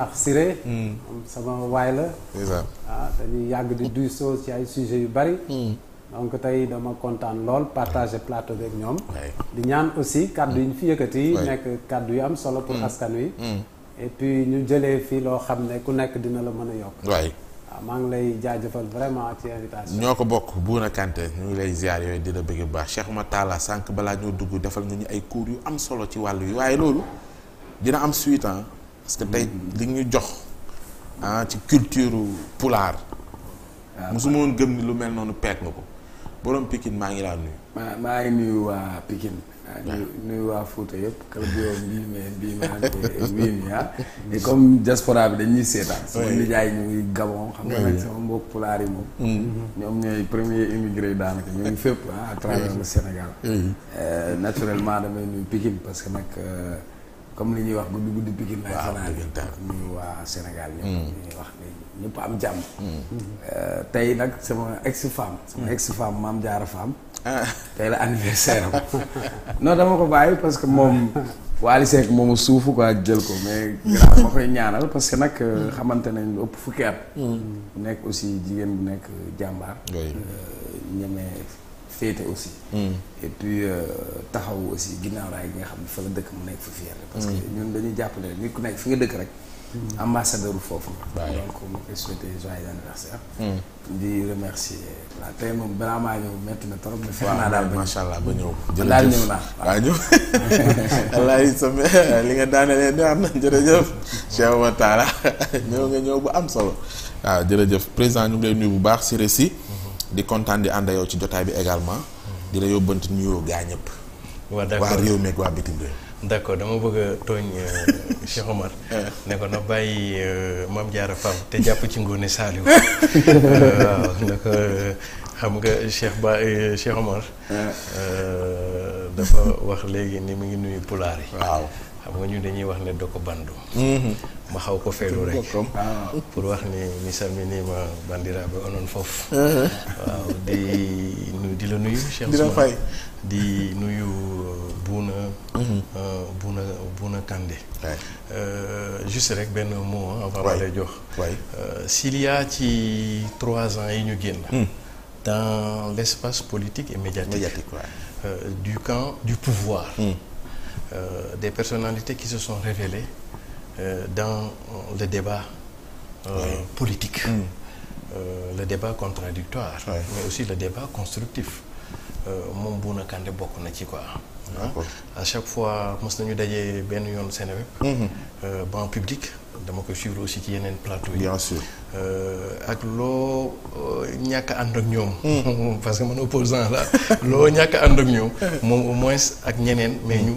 ak Siré hmm. sama waay la ah dañuy yàgg di duy soo ci ay sujets yu bari hmm. donc tey dama kontaan lool partager plateau beeg ñoom di ñaan aussi kàddu yi ñu fi yëkkati nekk kàddu yi am solo pour hmm. askan wi et puis ñu jëlee fii loo xam ne ku nekk dina la mën a yokk waaye ah, maa ngi lay jaajëfal vraiment ci invitation ñoo ko bokk buur Bouna Kanté ñu ngi lay ziar yooyu dina bëgg bu baax Cheikh Oumar Talla sànq balaa ñoo dugg defal nga ñu ay cours yu am solo ci wàllu yi waaye loolu dina am suite parce que tey li ñu jox ah, ci culture pulaar. Ah, waaw mosuma woon gëm ni lu mel noonu peet nga ko borom Pikine maa ngi laa nuyu. maa maa ngi nuyu waa Pikine. Ah, waaw nuyu waa Fouta yëpp kër Guèyeum bii bi dañuy seetaan. sama nijaay ñu ngi Gabon. xam nga nag sama mbokk pulaar yi moom. Mm-hmm. ñoom ñooy premier immigré daanaka ñu ngi fépp ah à Sénégal. Euh, naturellement damay nuyu Pikine parce que nag. Euh, comme li ñuy wax guddi guddi Pikine bi ñu waa Sénégal ñëpp hmm. ñuy wax ni ñëpp am jàmm hmm. euh, tey nag sama ex femme sama hmm. ex femme maam jaara femme ah. tey la anniversaire am non dama ko bàyyi parce que moom Waly Seck moom suufu ko ak jël ko mais grave ma koy ñaanal parce que nag euh, xamante nañ lu ëpp fukki at nekk aussi jigéen bu nekk jàmbaar euh, ñemee féete aussi. Hmm. et euh, taxaw aussi ginnaaw raay bi nga xam ne fa la dëkk mu nekk fa fierté parce que hmm. ñun dañuy jàppale rek nit ku nekk fi nga dëkk rek. Hmm. ambassadeur foofu nga. donc ma koy souhaité joyeux moom balaa maa ñëw métti na trop. mais allah ba ñëw. jërëjëf daal ñëw naa waaw li nga daanelee na jërëjëf. Cheikh ñëw bu am solo. waaw jërëjëf président ñu ngi lay nuyu bu baax si récit di kontaan di ànd yow ci jotaay bi également. di la yóbbanti nuyoo gaa ñëpp. waa d'accord waa réew mi ak waa dama bëgg a tooñ euh, Cheikh Omar. ne ko na bàyyi euh, Mame Diarra Fam te jàpp ci Ngoné Saliou. waaw ne ko euh, xam nga Cheikh Ba Cheikh dafa wax léegi ni mu ngi nuyu pulaar yi. waaw. xam ñu ñun dañuy wax ne doko bandu mm-hmm. ma xaw ko feelu rek ah. pour wax ni mi salminima bandiraɓe onon foofu uh-huh. waaw di di la nuyu Cheikh Ousmane di nuyu uh, Bouna mm-hmm. uh, Bouna Bouna Kandé uh, juste rek benn mot avant ma lay jox s'il y a ci trois ans yi ñu génn mm. dans l'espace politique et médiatique, du camp du pouvoir mm. Euh, des personnalités qui se sont révélées euh, dans euh, le débat politique mm. le débat contradictoire mais aussi le débat constructif moom Bouna Kandé bokk na ci quoi à chaque fois mos nañu dajee benn yoon Seneweb mm-hmm. banc public dama koy suivre aussi ci yeneen plateau yi bien sûr ak loo ñàkk ànd ak ñoom mm. parce que man opposant la loo ñàkk ànd ak ñoom moom au moins ak ñeneen mais mm. ñu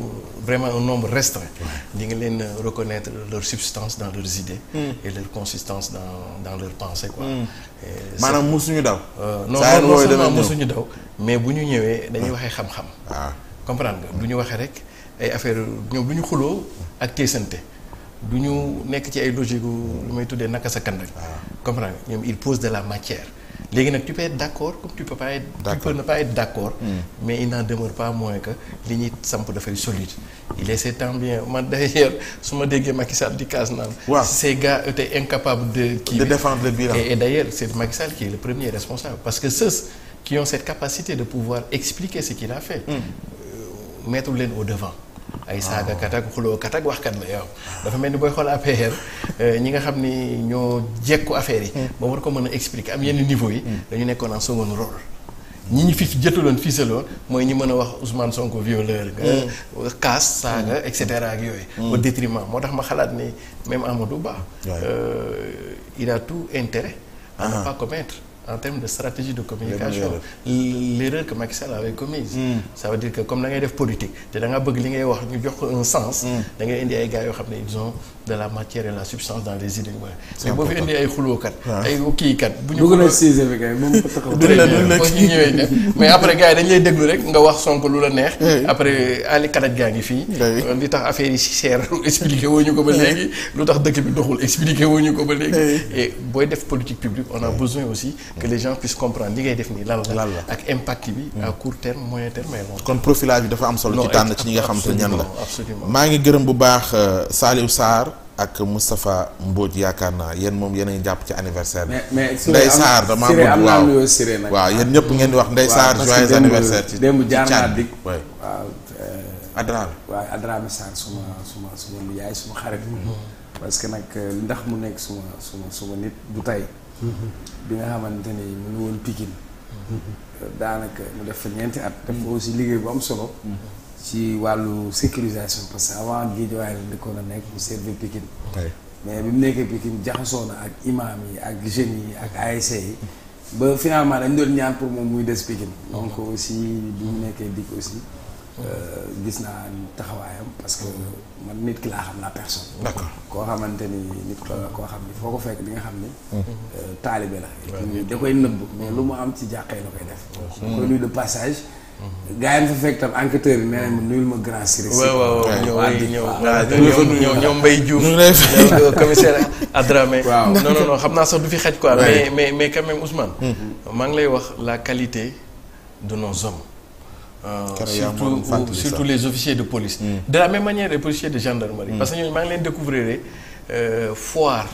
vraiment nombre restreint. ñu ngi leen reconnaitre leur substance dans leurs idées. Hmm. et leur consistance dans dans leurs pensées quoi. Hmm. maanaam mosuñu daw. Euh, saa non non daw mais bu ñu ñëwee dañuy ah. waxee xam-xam. waaw ah. comprendre nga du waxee rek ay affaire ñoom du ñu xuloo ak teesante. du ñu nekk ci ay logique lu may tuddee naka sa kandak ah. comprendre nga ñoom il pose de la matière. léegi nag tu peux être d' accord comme tu peux pas être. tu peux ne pas hmm. mais il n'en demeure pas moins que li ñuy samp dafay solide. il essaie tant bien man d'ailleurs su ma déggee Macky Sall di casse naan. waaw ces gars étaient incapables de. kii de défendre le bilan et, et d' ailleurs c' est Macky Sall qui le premier responsable parce que ceux qui ont cette capacité de pouvoir expliquer ce ki la fait. Mm. mettre leen au devant. ay saagakat ak xulookat ak waxkat la yow. dafa mel ni booy xool APR euh, ñi nga xam ni ñoo jekku affaire yi. Hmm. ba war ko mën a expliquer am yenn niveau yi. Hmm. dañu nekkoon en second rôle. ñi ñu fi jëtaloon fiisaloon mooy ñi mën a wax Ousmane Sonko violeur nga hmm. kaas saaga et cetera ak yooyu. au détriment moo tax ma xalaat ni même Amadou Ba. Euh, il a tout intérêt ah. pas commettre. en termes de stratégie de communication l'erreur que Macky Sall avait commise mm. ça dire que comme da ngay def politique te da nga bëgg li ngay wax ñu jox ko sens hmm. da ngay indi ay gars yoo xam ne ils ont de la matière et la substance dans les idées mais boo fi après gars yi dañ lay déglu rek nga wax Sonko lu la neex après Ali Kadaj gaa ngi fii euh, li tax affaire yi si cher expliqué woo ñu ko ba léegi lu tax dëkk bi doxul expliqué woo ñu ko ba léegi et booy def politique publique on a besoin aussi que les gens li ngay def nii lan la. ak impact bi. à hmm. court terme moyen terme kon profilage bi dafa am solo. ci tànn ci ñi nga xam te ñan la. maa ngi gërëm bu baax euh, Saliou Sarr. ak Moustapha Mbodj yaakaar naa yéen moom yéen a jàpp ci anniversaire bi. mais Ndeye Sarr damaa bëgg waaw waaw yéen ñëpp ngeen di wax Ndeye Sarr joyeux anniversaire. ci démb jaar naa dig euh, waaw Adra. bi suma suma suma yaay suma xarit. Mm-hmm. parce que nag ndax euh, mu nekk suma suma suma nit du tey. bi nga xamante ni mu woon Pikine mm-hmm. daanaka mu def fa ñeenti at def mm-hmm. aussi liggéey bu am solo mm-hmm. ci wàllu sécurisation parce que avant Guédiawaye la ndikkoon a nekk mu servir Pikine mais bi mu nekkee Pikine jaxasoo na ak imam yi ak jeunes yi ak ASC yi ba finalement dañ doon ñaan pour moom muy des Pikine donc aussi bi mu nekkee dikk aussi Euh, gis naa taxawaayam parce que man nit ki laa xam la personne. d'accord koo xamante ni nit ko koo xam ni foo ko fekk di nga xam ni. Mhm. Euh, taalibe la. da koy nëbb mais lu mu am ci jàqee la koy def. ko nuyu de passage. Mhm. gaa yi fekk tam enquêteurs yi ma nuyul ma grand ñëw mbay ah, ñëw ñëw Mbaye commissaire Adramé. waaw non non xam naa sax du fi xaj quoi. mais mais mais quand même hmm. maa ngi lay wax la qualité de nos hommes. Euh, surtout euh, surtout les officiers de police. Mm. de la même manière les policiers de gendarmerie. Mm. parce que ñooñu maa ngi leen découvrir euh, foire.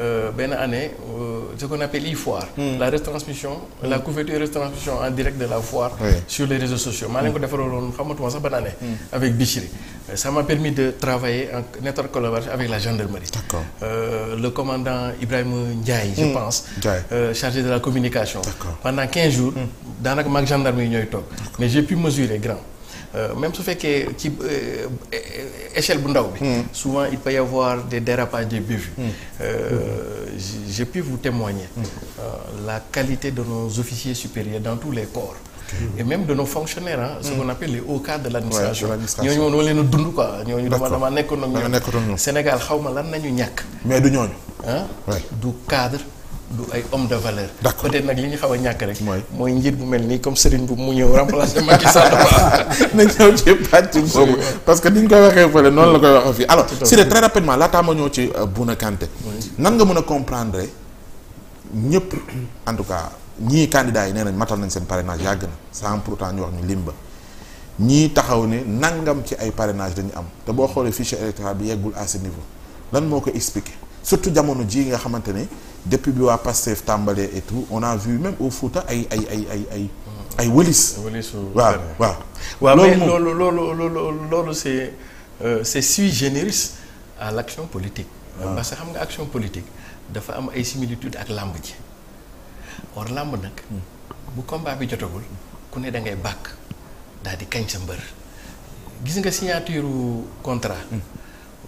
euh, benn année euh, ce qu'on appelle e-foire. Mm. la retransmission mm. la couverture et retransmission en direct de la foire. Oui. sur les réseaux sociaux maa leen ko hmm. defaraloon xamatuma sax ban année. Hmm. avec Bichri euh, ça m'a permis de travailler en étroite collaboration avec la gendarmerie. Euh, le commandant Ibrahima Ndiaye. je hmm. pense Ndiaye euh, chargé de la communication. pendant 15 jours. daanaka maag gendarme yi ñooy toog. mais j'ai pu mesurer grand. Euh, même su fekkee ci euh, échelle bu ndaw bi. Hmm. souvent il peut y avoir des dérapages des bévues. j'ai témoigner. Hmm. Euh, la qualité de nos officiers supérieurs dans tous les corps. et même de nos fonctionnaires ah. ce hmm. qu'on appelle les hauts cadres de l'administration. ñooñu moom dama a dund quoi. ñooñu dama Sénégal xaw ma lan nañu ñàkk. mais du ñooñu. du cadre. du ay homme de valeur. d'accord peut-être ñu xaw ñàkk rek. mooy mooy njiit bu mel nii comme Serigne bu mu ñëw remplacer Macky Sall. ci pàcc boobu parce que ni ñu koy waxee fële noonu la koy waxee fii alors. Siré très rapidement laataa ma ñëw ci euh, Bouna nan nga mën a comprendre ñëpp en tout cas ñii candidats yi nee nañ matal nañ seen parrainage yàgg na sans pourtant ñu wax ñu limba ñii taxaw ne nangam ci ay parrainage dañu am te boo xoolee fichier électoral bi yeggul à ce niveau lan moo ko expliquer surtout jamono jii nga xamante ni. depuis bi waa Pastef tàmbalee et tout on a vu même au Fouta ay ay ay ay ay. ay wëlis. waaw waaw. waaw mais loolu loolu loolu loolu c'est euh, sui generis politique. Ah. parce que xam nga action politique dafa am ay similitudes ak làmb ji or làmb nag. Hmm. bu combat bi jotagul ku ne da ngay bàkk daal di kañ sa mbër gis nga signature contrat. Hmm.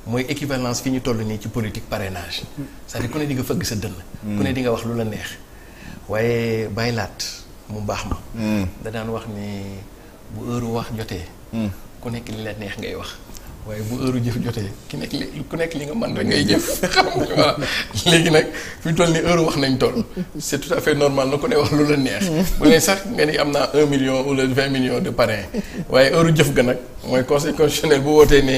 mooy équivalence fi ñu toll nii ci politique parrainage c'est-à-dire ku ne di nga fëgg sa dënn ku ne di nga wax lu la neex waaye bàyyi laat mu baax ma hmm. da daan wax ni bu heure wax jotee hmm. ku nekk li la neex ngay wax waaye bu heure jëf jotee ki nekk ku nekk li nga mën rek ngay jëf xam nga léegi nag fi toll ni heure wax nañ toll c'est tout à fait normal na ku ne wax lu la neex hmm. bu ne sax nga ni am naa un million wala vingt millions de parrain waaye heure jëf ga nag mooy conseil constitutionnel bu wootee ne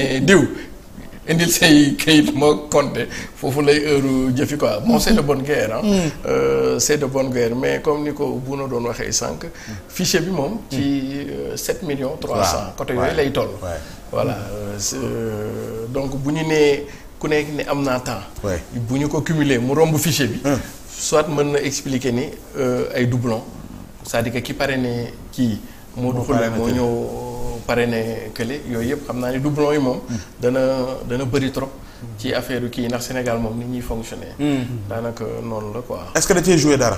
indil say kayit ma compté foofu lay heure jëfi quoi bon moo mhm. de bonne guerre ah. c'est de bonne guerre mais comme ni ko bu Bouna doon waxee sànq. fichier bi moom. ci 7 mm. euh, millions 300. côté yooyu lay toll. voilà euh, donc bu ñu nee ku nekk ni am naa temps. bu ñu ko cumuler mu romb fichier bi. Mm. soit mën na expliquer ni ay doublon c'est-à-dire ki pare ne kii. moo duxul moo ñëw. parrainé kële yooyu yëpp xam naa ne doublon yi moom. dana dana bëri trop. ci affaire kii ndax Sénégal moom nit ñuy fonctionner. Hmm. daanaka noonu la quoi. est-ce que da cee joué dara.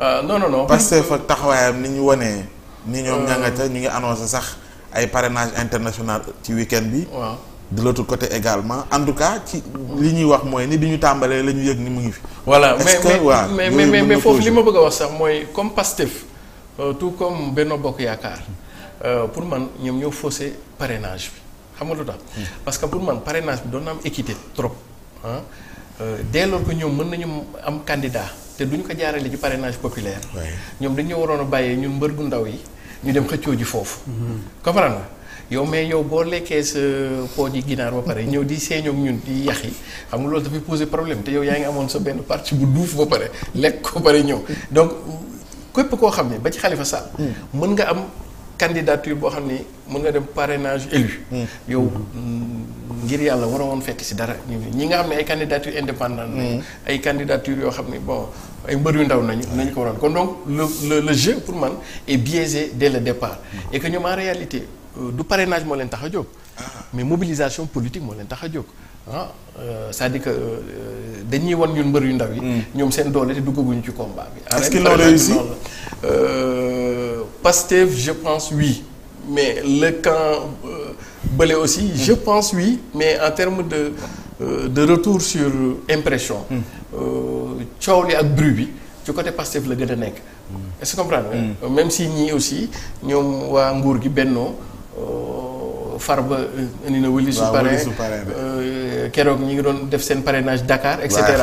Ah, non non non. parce que fa taxawaayam ni ñu wane. ni ñoom euh. ñangata ñu ngi annoncé sax ay parrainage international ci week bi. waaw de l'autre côté également en tout cas ci li ñuy wax mooy ni bi ñu tàmbalee la ñu yëg ni mu ngi fi. voilà mais mais mais mais foofu li ma bëgg a wax sax mooy comme Pastef euh, tout comme Benno Bokk Yaakaar. Euh, pour man ñoom ñoo faussé parrainage bi xam nga lu tax. Hmm. parce que pour man parrainage bi doon na am équité trop ah dès lors que ñoom mën nañu am candidat te duñu ko jaarale ci parrainage populaire. ñoom dañu waroon a bàyyee ñun mbër gu ndaw yi ñu dem xëccoo ji foofu. Hmm. comprendre nga yow mais yow boo lekkee sa pot yi ginaar ba pare ñëw di seeñoog ñun di yax yi xam nga loolu dafay poser problème te yow yaa ngi amoon sa benn parti bu duuf ba pare lekk ko pare ñëw donc képp koo xam ne ba ci Khalifa hmm. mën nga am. candidature boo xam ni mën nga dem parrainage élu. Hmm. yow hmm. Hmm, ngir yàlla waroon fekk si dara ñi nga xam ne ay candidature indépendante ay candidature yoo xam ni bon ay mbër yu ndaw nañu. nañu ko waroon kon donc le le jeu pour man est biaisé de le départ. et que ñoom en réalité euh, du parrainage moo leen tax a jóg. Ah. mais mobilisation politique moo leen tax a jóg. ah euh, c'est-à-dire que euh, dañuy wan yu mbër yu ndaw yi. Hmm. ñoom seen doole te duggaguñu ci combat bi. est-ce qu'ils l'ont réussi je pense oui mais le camp bële euh, aussi. Hmm. je pense oui mais en terme de euh, de retour sur impression. Hmm. Euh, coow li ak bruit bi ci côté Pastef la gën a nekk. est-ce que comprendre même si ñii aussi ñoom waa nguur gi bennoo. Farba eh, indi na. waaw wëli su parrain eh, keroog ñi ngi doon def seen parrainage Dakar et